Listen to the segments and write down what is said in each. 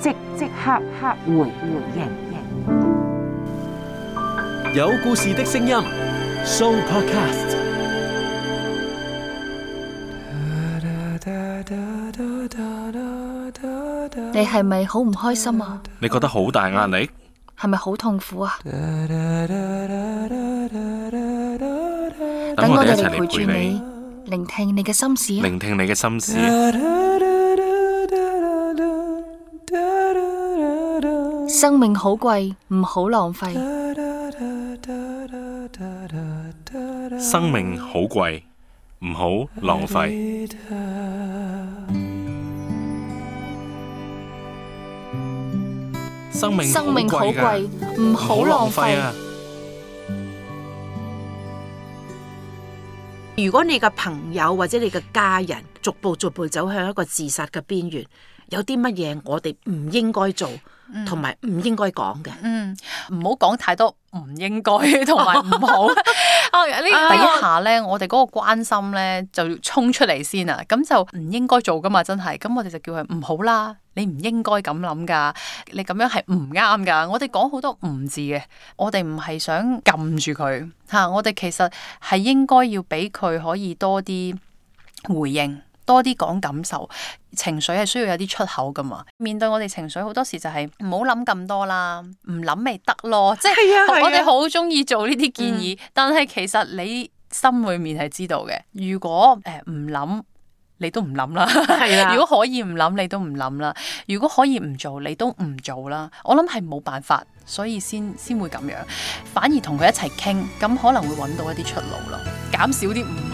即即刻刻回回應，有故事的聲音，So Podcast。你係咪好唔開心啊？你覺得好大壓力？係咪好痛苦啊？等我哋一齊嚟陪住你，聆聽你嘅心事，聆聽你嘅心事。生命好貴，唔好浪費。生命好貴，唔好浪費。生命好貴，唔好浪費。如果你嘅朋友或者你嘅家人，逐步逐步走向一個自殺嘅邊緣，有啲乜嘢我哋唔應該做，同埋唔應該講嘅？嗯，唔好講太多唔應該同埋唔好 啊。啊呢底下咧，我哋嗰個關心咧就要衝出嚟先啊。咁就唔應該做噶嘛，真係，咁我哋就叫佢唔好啦。你唔應該咁諗噶，你咁樣係唔啱噶。我哋講好多唔字嘅，我哋唔係想撳住佢吓、啊，我哋其實係應該要俾佢可以多啲回應。多啲講感受，情緒係需要有啲出口噶嘛？面對我哋情緒，好多時就係唔好諗咁多啦，唔諗咪得咯。即係、啊啊、我哋好中意做呢啲建議，嗯、但係其實你心裏面係知道嘅。如果誒唔諗，你都唔諗啦。如果可以唔諗，你都唔諗啦。如果可以唔做，你都唔做啦。我諗係冇辦法，所以先先會咁樣，反而同佢一齊傾，咁可能會揾到一啲出路咯，減少啲唔。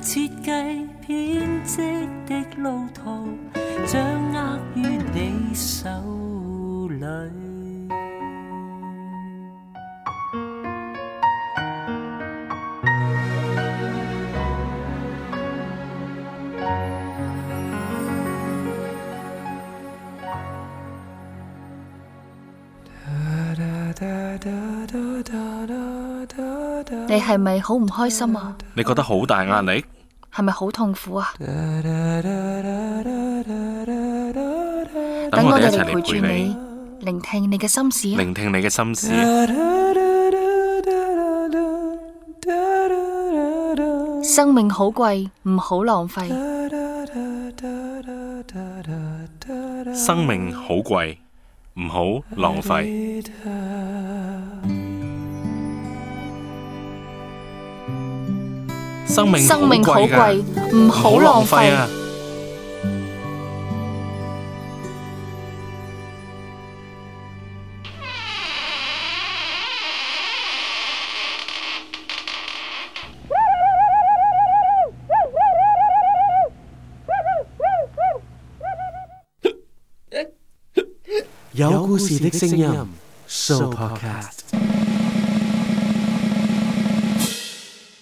設計編織的路途，掌握於你手裏。你係咪好唔開心啊？你覺得好大壓力？係咪好痛苦啊？等我哋一齊嚟陪住你，聆聽你嘅心事。聆聽你嘅心事。生命好貴，唔好浪費。生命好貴，唔好浪費。生命好貴，唔好浪費。有故事的聲音，Sooopodcast。